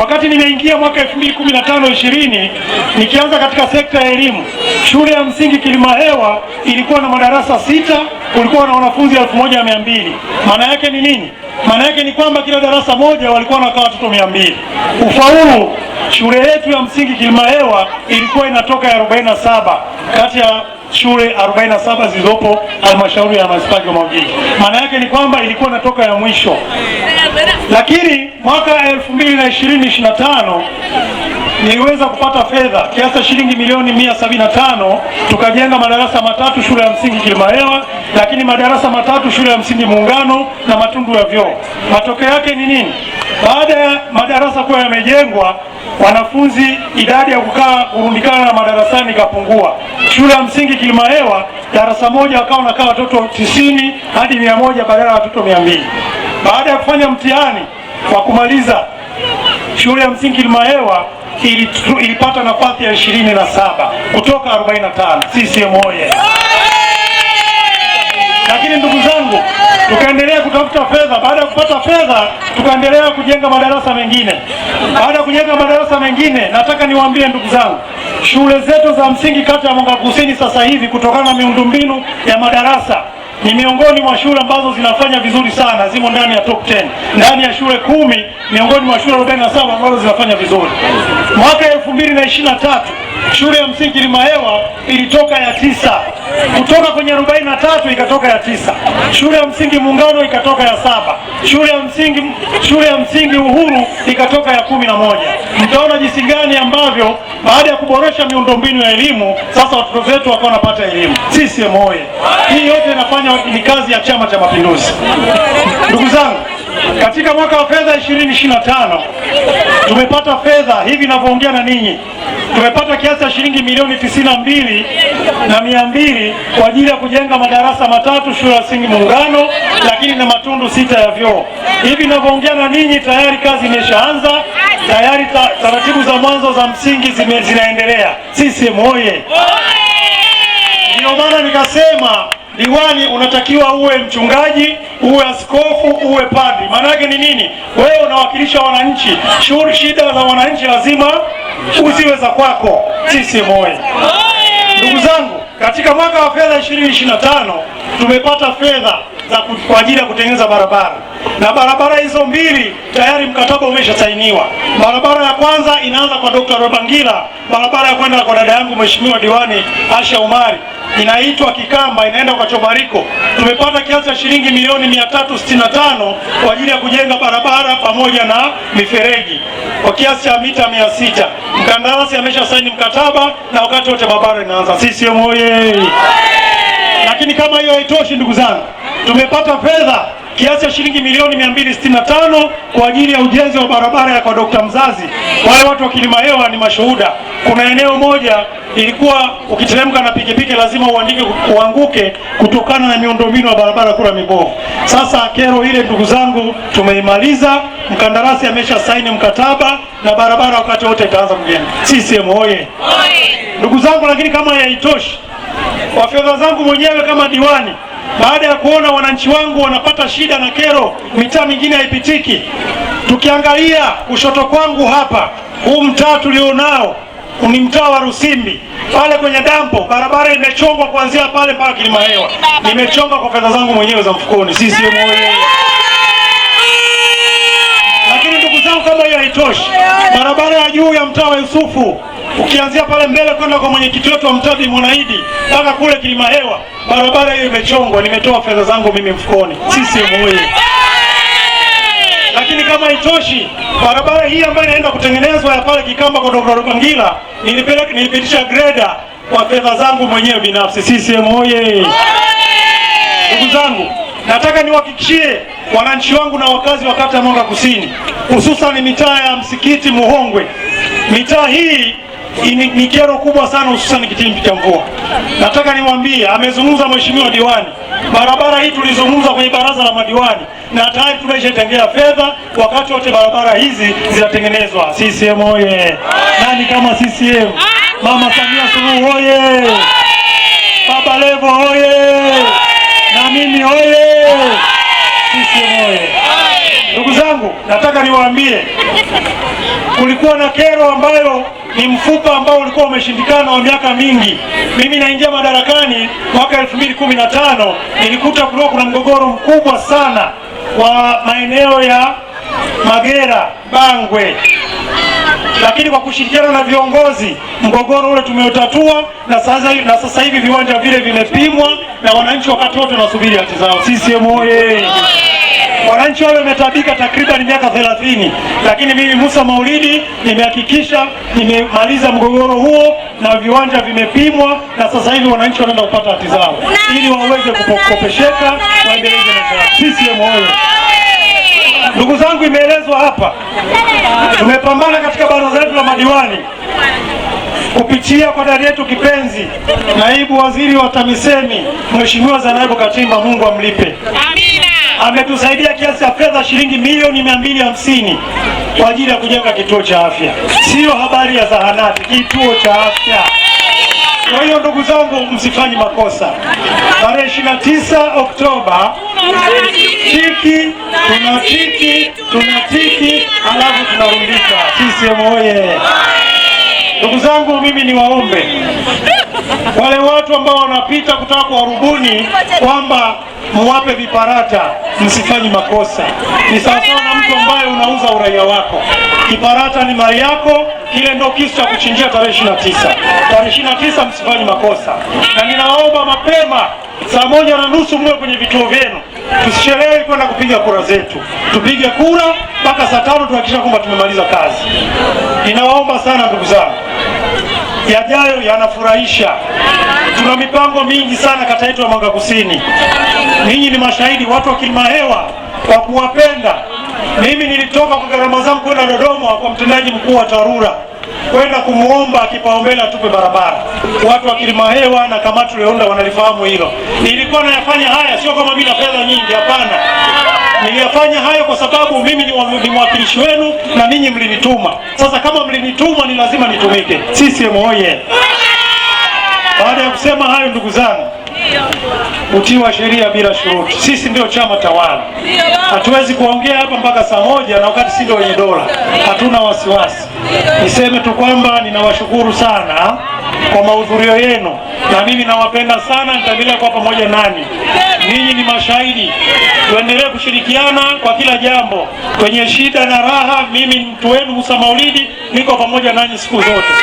Wakati nimeingia mwaka 2015 20 nikianza katika sekta ya elimu, shule ya msingi Kilimahewa ilikuwa na madarasa sita, kulikuwa na wanafunzi 1200. Maana yake ni nini? Maana yake ni kwamba kila darasa moja walikuwa na watoto 200. Ufaulu shule yetu ya msingi Kilimahewa ilikuwa inatoka ya 47 kati ya shule 47 zilizopo halmashauri ya manispaa Kigoma Ujiji. Maana yake ni kwamba ilikuwa inatoka ya mwisho lakini mwaka 2025 niweza na kupata fedha kiasi shilingi milioni 175, tukajenga madarasa matatu shule ya msingi Kilimahewa, lakini madarasa matatu shule ya msingi Muungano na Matundu ya Vyoo. Matokeo yake ni nini? Baada ya madarasa kuwa yamejengwa, wanafunzi idadi ya kukaa kurundikana na madarasani ikapungua. Shule ya msingi Kilimahewa darasa moja wakawa nakaa watoto 90 hadi 100 badala ya watoto 200. Baada ya kufanya mtihani wa kumaliza shule ya msingi Lumahewa ilipata nafasi ya ishirini na saba kutoka 45. CCM oye! Lakini ndugu zangu, tukaendelea kutafuta fedha. Baada ya kupata fedha, tukaendelea kujenga madarasa mengine. Baada ya kujenga madarasa mengine, nataka niwaambie ndugu zangu, shule zetu za msingi kata ya Mwanga Kusini sasa hivi, kutokana na miundombinu ya madarasa ni miongoni mwa shule ambazo zinafanya vizuri sana, zimo ndani ya top 10 ndani ya shule kumi miongoni mwa shule 47 ambazo zinafanya vizuri. Mwaka 2023 Shule ya msingi Limahewa ilitoka ya tisa kutoka kwenye arobaini na tatu ikatoka ya tisa. Shule ya msingi Muungano ikatoka ya saba. Shule ya msingi shule ya msingi Uhuru ikatoka ya kumi na moja. Mtaona jinsi gani ambavyo baada ya kuboresha miundombinu ya elimu sasa watoto wetu wakawa wanapata elimu. Sisi moye hii yote inafanya ni kazi ya Chama cha Mapinduzi, ndugu zangu katika mwaka wa fedha 2025 tumepata fedha hivi ninavyoongea na ninyi, tumepata kiasi cha shilingi milioni 92 na mbili na mia mbili kwa ajili ya kujenga madarasa matatu shule ya msingi Muungano, lakini na matundu sita ya vyoo. Hivi ninavyoongea na ninyi, tayari kazi imeshaanza tayari, ta, taratibu za mwanzo za msingi zime, zinaendelea. Sisi moye, ndio maana nikasema Diwani unatakiwa uwe mchungaji, uwe askofu, uwe padri. Maana yake ni nini? Wewe unawakilisha wananchi, shughuli, shida za wananchi lazima usiwe za kwako. Sisi moyo, ndugu zangu, katika mwaka wa fedha 2025 tumepata fedha za kwa ajili ya kutengeneza barabara na barabara hizo mbili tayari mkataba umeshasainiwa. Barabara ya kwanza inaanza kwa Dr. Robangila, barabara ya kwenda kwa dada yangu Mheshimiwa Diwani Asha Umari inaitwa Kikamba inaenda kwa Chobariko. Tumepata kiasi cha shilingi milioni 365 kwa ajili ya kujenga barabara pamoja na mifereji kwa kiasi cha mita 600. Mkandarasi amesha saini mkataba na wakati wote barabara inaanza. CCM oyee! Lakini kama hiyo haitoshi, ndugu zangu, tumepata fedha kiasi cha shilingi milioni 265 kwa ajili ya ujenzi wa barabara ya kwa Dr. Mzazi. Wale watu wa Kilimahewa ni mashuhuda. Kuna eneo moja ilikuwa ukiteremka na pikipiki lazima uandike uanguke kutokana na miundombinu ya barabara kura mibovu. Sasa kero ile, ndugu zangu, tumeimaliza. Mkandarasi amesha saini mkataba na barabara wakati wote itaanza kujenga. CCM oye! Ndugu zangu, lakini kama yaitoshi, kwa fedha zangu mwenyewe kama diwani baada ya kuona wananchi wangu wanapata shida na kero, mitaa mingine haipitiki. Tukiangalia kushoto kwangu hapa, huu mtaa tulionao ni mtaa wa Rusimbi pale kwenye dampo, barabara imechongwa kuanzia pale mpaka kilima hewa. Nimechonga kwa fedha zangu mwenyewe za mfukoni, sisi moyo. Lakini ndugu zangu, kama hiyo haitoshi, barabara ya juu ya mtaa wa Yusufu ukianzia pale mbele kwenda kwa mwenyekiti wetu wa mtadi Mwanaidi mpaka kule kilima hewa, barabara hiyo imechongwa, nimetoa fedha zangu mimi mfukoni, sisi moyo. Lakini kama itoshi, barabara hii ambayo inaenda kutengenezwa ya pale Kikamba Dr. Mangila, nilipeleka nilipitisha greda kwa fedha zangu mwenyewe binafsi. CCM oye! Ndugu zangu, nataka niwahakikishie wananchi wangu na wakazi wa kata ya Mwanga Kusini, hususan mitaa ya Msikiti, Muhongwe, mitaa hii ni, ni kero kubwa sana hususan kipindi cha mvua. Nataka niwaambie, amezungumza mheshimiwa diwani, barabara hii tulizungumza kwenye baraza la madiwani na tayari tumeshatengea fedha, wakati wote barabara hizi zinatengenezwa. CCM oye! Nani kama CCM? Mama Samia Suluhu oye! Baba Levo oye! nataka niwaambie, kulikuwa na kero ambayo ni mfupa ambao ulikuwa umeshindikana wa miaka mingi. Mimi naingia madarakani mwaka elfu mbili kumi na tano nilikuta kulikuwa kuna mgogoro mkubwa sana wa maeneo ya Magera Bangwe, lakini kwa kushirikiana na viongozi mgogoro ule tumeutatua, na sasa na sasa hivi viwanja vile vimepimwa na wananchi wakati wote wanasubiri hati zao. CCM oyee! Wananchi wao wametabika takriban miaka 30, lakini mimi Musa Maulidi nimehakikisha nimemaliza mgogoro huo na viwanja vimepimwa na sasa hivi wananchi wanaenda kupata hati zao ili waweze kukopesheka waendelee na CCM oyo. Ndugu zangu, imeelezwa hapa, tumepambana katika baraza letu la madiwani kupitia kwa dada yetu kipenzi naibu waziri wa TAMISEMI Mheshimiwa Zainabu Katimba, Mungu amlipe. Amina ametusaidia kiasi cha fedha shilingi milioni mia mbili hamsini kwa ajili ya kujenga kituo cha afya. sio habari ya zahanati, kituo cha afya. Kwa hiyo ndugu zangu, msifanye makosa. Tarehe 29 Oktoba tiki tunatiki tiki halafu tunarundika. CCM oye! Ndugu zangu, mimi ni waombe wale watu ambao wanapita kutaka kuwarubuni kwamba muwape viparata, msifanye makosa. Ni sawasawa na mtu ambaye unauza uraia wako. Kiparata ni mali yako, kile ndo kisu cha kuchinjia tarehe 29. na tisa. Tarehe 29 na tisa msifanye makosa, na ninaomba mapema saa moja na nusu mwe kwenye vituo vyenu, tusichelewe kwenda kupiga kura zetu. Tupige kura mpaka saa tano, tuhakikisha kwamba tumemaliza kazi. Ninawaomba sana ndugu zangu yajayo yanafurahisha. Tuna mipango mingi sana kata yetu ya Mwanga Kusini, ninyi ni mashahidi, watu wa Kilimahewa kwa kuwapenda. Mimi nilitoka kwa gharama zangu kwenda Dodoma kwa mtendaji mkuu wa TARURA kwenda kumwomba kipaumbele atupe barabara. Watu wa Kilimahewa na kamati uliounda wanalifahamu hilo. Nilikuwa nayafanya haya sio kama bila fedha nyingi, hapana Niliyafanya hayo kwa sababu mimi ni mwakilishi wenu na ninyi mlinituma. Sasa kama mlinituma, ni lazima nitumike. CCM oye! Baada ya kusema hayo, ndugu zangu, utii wa sheria bila shuruti. Sisi ndio chama tawala, hatuwezi kuongea hapa mpaka saa moja na wakati si ndio wenye dola. Hatuna wasiwasi Niseme tu kwamba ninawashukuru sana kwa mahudhurio yenu, na mimi nawapenda sana, nitaendelea kuwa pamoja nani. Ninyi ni mashahidi, tuendelee kushirikiana kwa kila jambo, kwenye shida na raha. Mimi mtu wenu Musa Maulidi, niko pamoja nanyi siku zote.